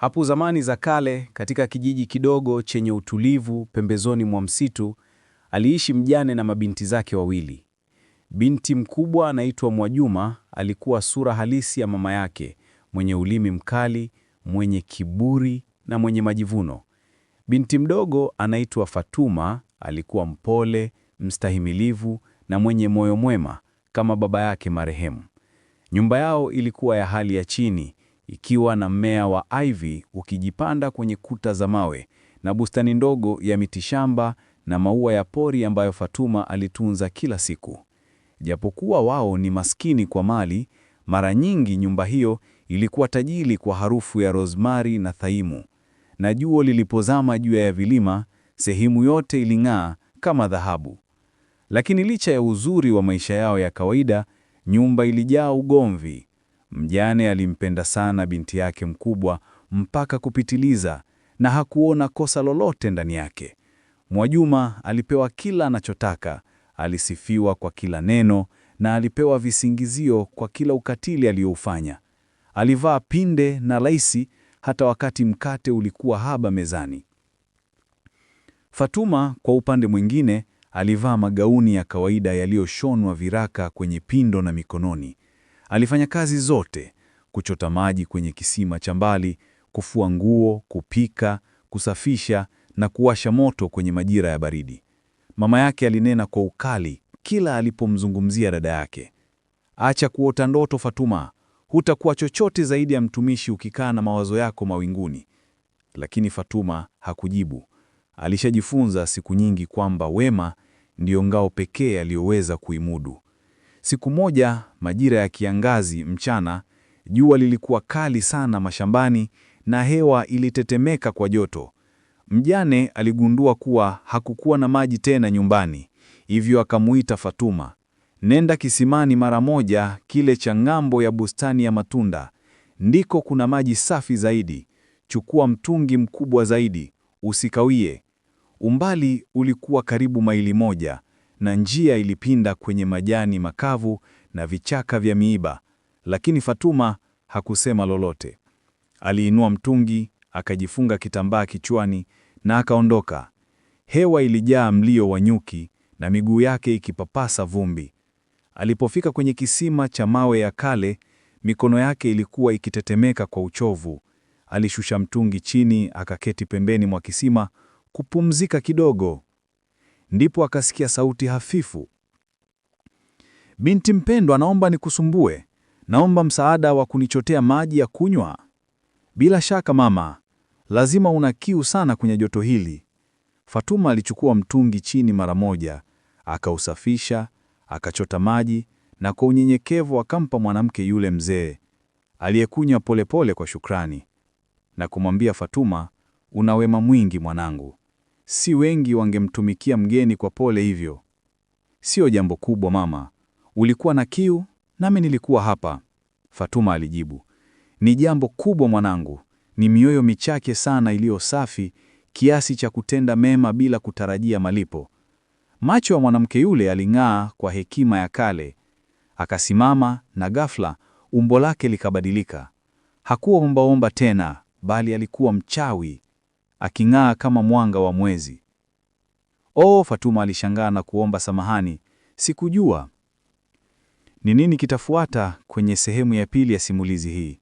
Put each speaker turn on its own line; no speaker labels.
Hapo zamani za kale, katika kijiji kidogo chenye utulivu pembezoni mwa msitu, aliishi mjane na mabinti zake wawili. Binti mkubwa anaitwa Mwajuma, alikuwa sura halisi ya mama yake, mwenye ulimi mkali, mwenye kiburi na mwenye majivuno. Binti mdogo anaitwa Fatuma, alikuwa mpole, mstahimilivu na mwenye moyo mwema kama baba yake marehemu. Nyumba yao ilikuwa ya hali ya chini, ikiwa na mmea wa ivy ukijipanda kwenye kuta za mawe na bustani ndogo ya mitishamba na maua ya pori ambayo Fatuma alitunza kila siku. Japokuwa wao ni maskini kwa mali, mara nyingi nyumba hiyo ilikuwa tajiri kwa harufu ya rosemary na thaimu, na jua lilipozama juu ya vilima, sehemu yote iling'aa kama dhahabu. Lakini licha ya uzuri wa maisha yao ya kawaida, nyumba ilijaa ugomvi, Mjane alimpenda sana binti yake mkubwa mpaka kupitiliza na hakuona kosa lolote ndani yake. Mwajuma alipewa kila anachotaka, alisifiwa kwa kila neno na alipewa visingizio kwa kila ukatili aliyoufanya. Alivaa pinde na laisi hata wakati mkate ulikuwa haba mezani. Fatuma kwa upande mwingine alivaa magauni ya kawaida yaliyoshonwa viraka kwenye pindo na mikononi. Alifanya kazi zote: kuchota maji kwenye kisima cha mbali, kufua nguo, kupika, kusafisha na kuwasha moto kwenye majira ya baridi. Mama yake alinena kwa ukali kila alipomzungumzia dada yake. Acha kuota ndoto Fatuma, hutakuwa chochote zaidi ya mtumishi ukikaa na mawazo yako mawinguni. Lakini Fatuma hakujibu. Alishajifunza siku nyingi kwamba wema ndiyo ngao pekee aliyoweza kuimudu. Siku moja majira ya kiangazi mchana, jua lilikuwa kali sana mashambani na hewa ilitetemeka kwa joto. Mjane aligundua kuwa hakukuwa na maji tena nyumbani, hivyo akamuita Fatuma. Nenda kisimani mara moja, kile cha ng'ambo ya bustani ya matunda, ndiko kuna maji safi zaidi. Chukua mtungi mkubwa zaidi, usikawie. Umbali ulikuwa karibu maili moja na njia ilipinda kwenye majani makavu na vichaka vya miiba, lakini Fatuma hakusema lolote. Aliinua mtungi, akajifunga kitambaa kichwani na akaondoka. Hewa ilijaa mlio wa nyuki na miguu yake ikipapasa vumbi. Alipofika kwenye kisima cha mawe ya kale, mikono yake ilikuwa ikitetemeka kwa uchovu. Alishusha mtungi chini, akaketi pembeni mwa kisima kupumzika kidogo ndipo akasikia sauti hafifu. Binti mpendwa, naomba nikusumbue, naomba msaada wa kunichotea maji ya kunywa. Bila shaka mama, lazima una kiu sana kwenye joto hili. Fatuma alichukua mtungi chini mara moja, akausafisha, akachota maji na kwa unyenyekevu akampa mwanamke yule mzee, aliyekunywa polepole kwa shukrani na kumwambia Fatuma, una wema mwingi mwanangu si wengi wangemtumikia mgeni kwa pole hivyo. Sio jambo kubwa mama, ulikuwa na kiu nami nilikuwa hapa, Fatuma alijibu. Ni jambo kubwa mwanangu, ni mioyo michache sana iliyo safi kiasi cha kutenda mema bila kutarajia malipo. Macho ya mwanamke yule aling'aa kwa hekima ya kale. Akasimama na ghafla umbo lake likabadilika. Hakuwa ombaomba tena, bali alikuwa mchawi aking'aa kama mwanga wa mwezi. Oh, Fatuma alishangaa na kuomba samahani, sikujua. Ni nini kitafuata kwenye sehemu ya pili ya simulizi hii?